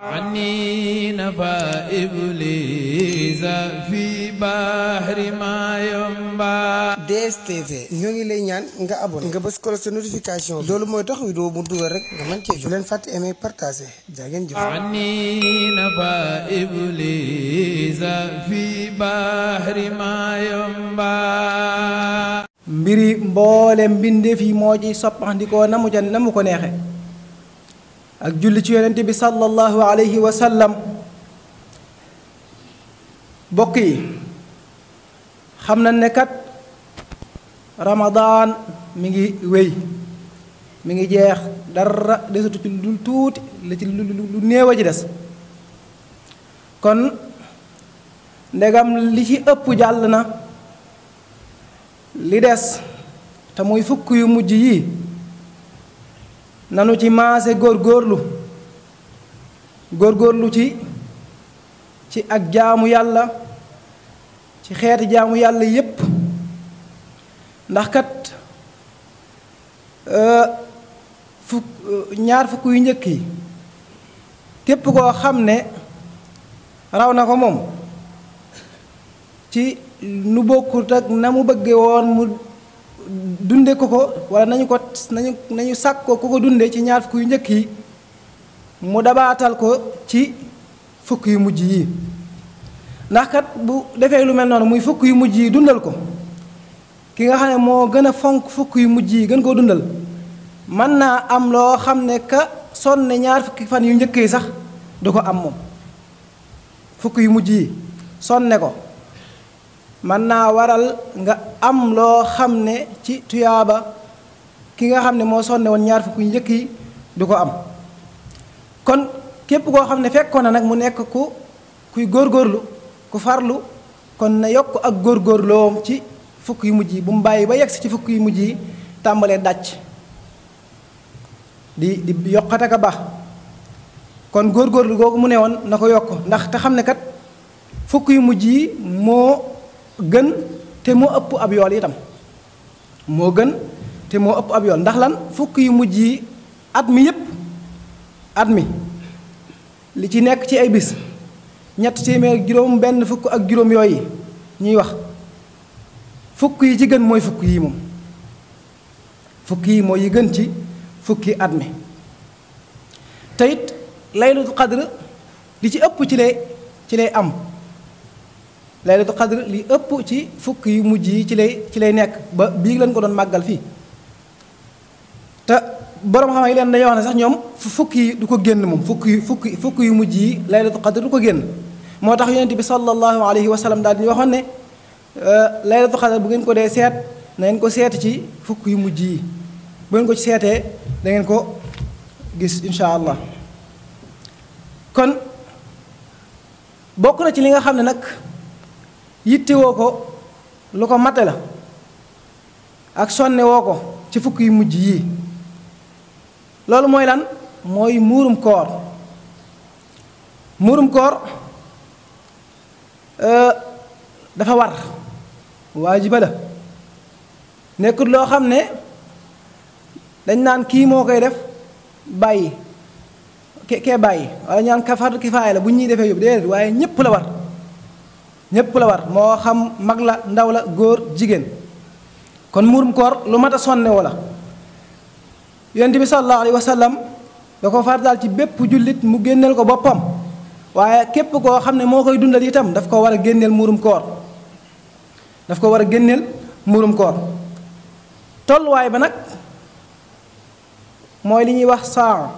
عني نفى إبليس في بحر ما ينبع DSTV ñoo ngi lay ñaan nga abonné nga bës ko sa notification loolu mooy tax vidéo bu dugal rek nga mën cee jot leen fàtte aimer partager jaa ngeen jëf عني نفى إبليس في بحر ما ينبع mbiri mboolem mbindeef yi moo ci soppandikoo na mu ca na mu ko neexe ak julli ci yonent bi sallallahu alayhi wa sallam bokk yi xam na ne kat ramadan mi ngi wéy mi ngi jeex dara desatu ci lu tuuti la ci lu neewa ji a des kon ndegam li ci ëpp jàll na li des te muy fukk yu mujj yii nanu ci maase góorgóorlu góorgóorlu ci ci ak jaamu yàlla ci xeeti jaamu yàlla yépp ndax kat euh, fukk euh, ñaar fukk yu njëkk yi képp koo xam ne raw na ko moom ci nu bokkut ak na mu bëgge woon mu dunde ko ko wala nañu ko nañu nañu sàkk ko ku ko dunde ci ñaar fukk yu njëkk yi mu dabaatal ko ci fukk yu mujj yi ndax kat bu defee lu mel noonu muy fukk yu mujj yi dundal ko ki nga xam ne moo gën a fonk fukk yu mujj yi gën koo dundal mën naa am loo xam ne ka sonn ñaar fukki fan yu njëkk yi sax du ko am moom fukk yu mujj yi sonne ko man naa waral nga am loo xam ne ci tuyaaba ki nga xam ne moo sonne woon ñaar fukki njëkk yi du am kon képp koo xam ne fekkoon na nag mu nekk ku kuy góorgóorlu ku farlu kon na yokk ak góorgóorloom ci fukk yu mujj yi bu mu bàyyi ba yegsi ci fukk yu mujj yi tàmbalee di di yokkata ka kon góorgóorlu googu mu ne woon na ko yokk ndax te xam kat fukk yu mujj yi gën te moo ëpp ab yool itam moo gën te moo ëpp ab yool ndax lan fukk yu mujj yi at mi yépp at mi li ci nekk ci ay bis ñett téeméer juróom benn fukk ak juróom yi ñuy wax fukk yi ci gën mooy fukk yi moom fukk yi mooy yi gën ci fukki at mi te it laylatul li ci ëpp ci lay ci lay am laylatul xadr li ëpp ci fukk yu mujj yi ci lay ci lay nekk ba bii lañ ko doon màggal fii te borom xam yi leen dañuy wax ne sax ñoom fukk yi du ko génn moom fukk yu fukk fukk yu mujj yi laylatul xadr du ko génn moo tax yonent bi sallallahu alayhi wa sallam daal di ñu waxoon ne euh, laylatul xadr bu ngeen ko dee seet na ngeen ko seet ci fukk yu mujj yi bu ngeen ko ci seetee dangeen ko gis insha allah kon bokk na ci li nga xam ne nag yittewoo ko lu ko matte la ak sonne woo ko ci fukk yu mujj yii loolu mooy lan mooy muurum koor muurum koor euh, dafa war waajiba la nekkut loo xam ne dañ naan kii moo koy def bàyyi ke kee bàyyi wala ñaan kafaatu kifaaya la bu ñuy defee yóbbu déedéet waaye ñépp la war ñepp la war mo xam mag la ndaw la goor jigen kon murum koor lu mata sonne wala yonent bi sallallahu alaihi wa sallam da ko ci bepp julit mu gennel ko bopam waye kep ko xamne ne koy dundal itam daf ko war gennel murum muurum koor daf ko war gennel murum muurum tol way ba nak moy li wax saa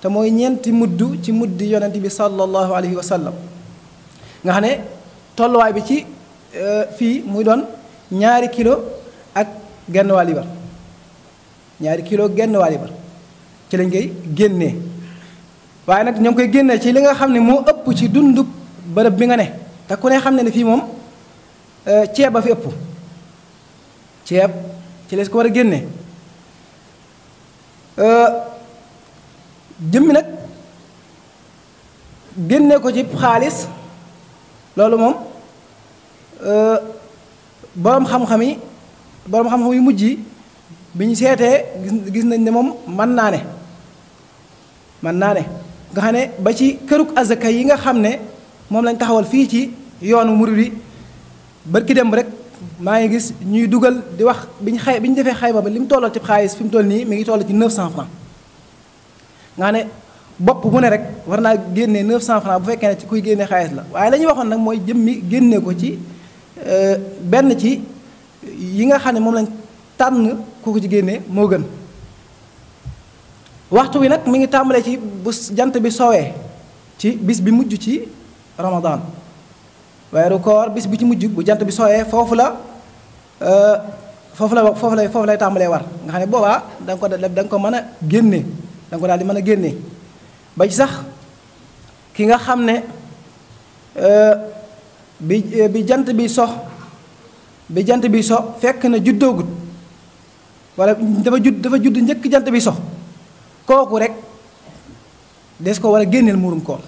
te moy ñenti muddu ci muddi yonent bi sallallahu alaihi wa nga xane tolluwaay bi ci euh, fii muy doon ñaari kilo ak genn waa ñaari kilo genn waa ci lañ koy génne waaye nag ñoo koy génnee ci li nga xam ne moo ëpp ci dundub bërëb bi nga ne te ku ne xam ne ne fii moom euh, ceeb a fi ëpp ceeb ci lees ko war a génnee euh, jëmmi nag génne ko ci xaalis loolu moom Euh, borom xam-xam yi boroom xam-xam yu mujj yi bi ñu seetee gis nañ ne moom mën naa ne mën naa ne nga xam ne ba ci këruk azaka yi nga xam ne moom lañ taxawal fii ci yoonu murid yi ki dem rek maa ngi gis ñuy dugal di wax bi ñu xay bi ñu defee xayma ba li mu tolloo ci xaalis fi mu toll nii mi ngi toll ci 900 francs nga xam ne bopp bu ne rek war naa génnee 900 francs bu fekkee ne ci kuy génnee xaalis la waaye la ñuy waxoon nag mooy jëmmi génne ko ci. Euh, benn ci yi nga xam ne moom lañ tànn ku ko ci génnee moo gën waxtu wi nag mi ngi tàmbalee ci bu jant bi sowee ci bis bi mujj ci ramadan weeru koor bis bi ci mujj bu jant bi sowee foofu la euh, foofu la foofu lay foofu lay tàmbalee war nga xam ne boobaa da nga ko da nga ko mën a génnee da ko daal di mën a génnee ba ci sax ki nga xam ne euh, bi eh, bi jant bi sox bi jant bi sox fekk na juddoogut wala dafa judd dafa judd njëkk jant bi sox kooku rek des ko war a génneel muurum koor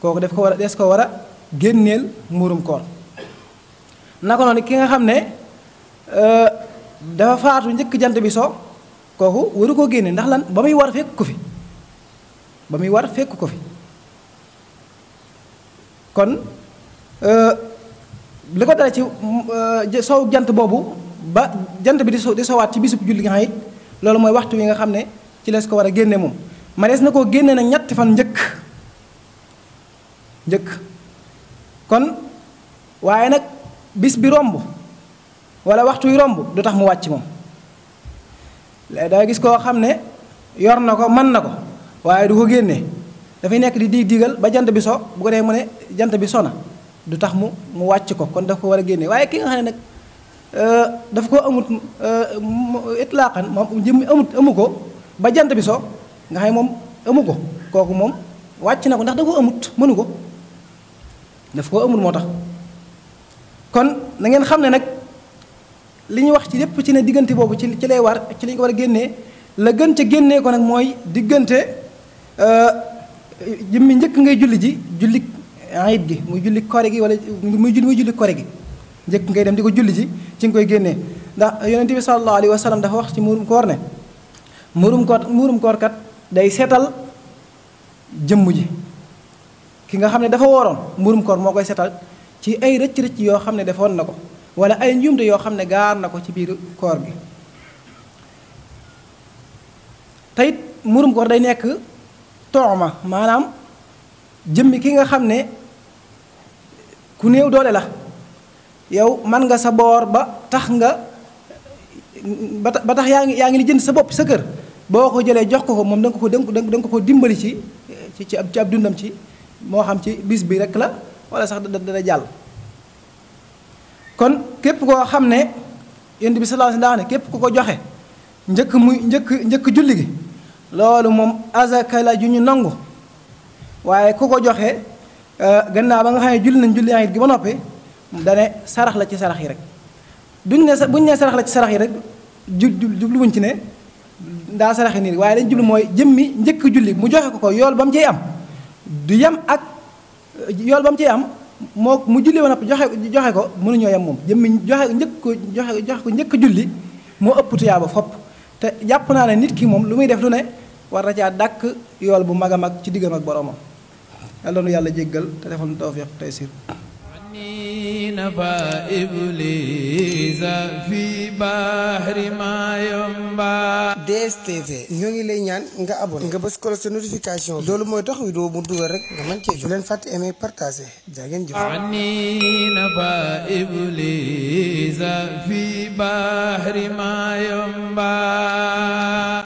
kooku def ko war des ko war a génneel muurum koor naka noonu ki nga xam ne eh, dafa faatu njëkk jant bi so kooku waru koo génne ndax lan ba muy war fekk ko fi ba muy war fekk ko fi kon euh, li ko dara ci euh, soow jant boobu ba jant bi di so di sowaat ci bisub julli nga xam it loolu mooy waxtu wi nga xam ne ci lees ko war a génne moom ma des na koo génne na ñetti fan njëkk njëkk kon waaye nag bis bi romb wala waxtu wi romb du tax mu wàcc moom léegi daa gis koo xam ne yor na ko mën na ko waaye du ko génne dafay nekk di dig digal ba jant bi so bu ko defee mu jant bi so na du tax mu mu wàcc ko kon daf ko war a génnee waaye ki nga xam ne nag euh, daf koo amut euh, itlaaqan moom jëmm amut amu ko ba jant bi so nga ne moom amu ko kooku moom wàcc na ko ndax da koo amut mënu ko daf koo amut moo tax kon na xam ne nag li ñu wax ci lépp ci ne diggante boobu ci ci lay war ci li ko war a génnee la gën ca génnee ko nag mooy diggante euh, jëmmi njëkk ngay julli ji julli ayit gi muy julli kore gi wala muy julli muy kore gi njëkk ngay dem di ko julli ji ci nga koy génne ndax yonente bi sallallahu dafa wax ci muurum koor ne mburum koor kat day seetal jëmm ji ki nga xam ne dafa wooroon muurum koor moo koy seetal ci ay rëcc-rëcc yoo xam ne defoon na ko wala ay njuumte yoo xam ne gaar na ko ci biir koor gi teyit muurum koor day nekk tooma maanaam jëmmi ki nga xam ne ku néew doole la yow man nga sa boor ba tax nga ba tax yaa ngi yaa ngi jënd sa bopp sa kër boo ko jëlee jox ko ko moom ko nga ko da nga ko dimbali ci ci ci ab dundam ci moo xam ci bis bi rek la wala sax da dana jàll kon képp koo xam ne yonent bi sallallahu alayhi wasallam ne képp ku ko joxe njëkk muy njëkk njëkk julli gi loolu moom azaka la ju ñu nangu waaye ku ko joxe euh, gannaaw ba nga xam ne julli nañ julli ayit gi ba noppi dane sarax la ci sarax yi rek duñ ne buñ ne sarax la ci sarax yi rek ju jubluwuñ ci ne daa saraxi nii waaye dañ jublu mooy jëmmi njëkk julli mu joxe ko ko yool ba mu am du yem ak yool ba ciy am moo mu julli ba noppi joxe joxe ko mënuñoo yem moom jëmmi joxe njëkk ko joxe njëkk julli moo ëpp tuyaaba te jàpp naa ne nit ki moom lu muy def lu ne war na caa dàkk yool bu mag a mag ci diggam ak boromam yàlla nu yàlla jéggal te defal nu tawfiq tey siir نبا إبليس ñoo ngi lay ñaan nga abonné nga bës ko la sa tax vidéo bu dugal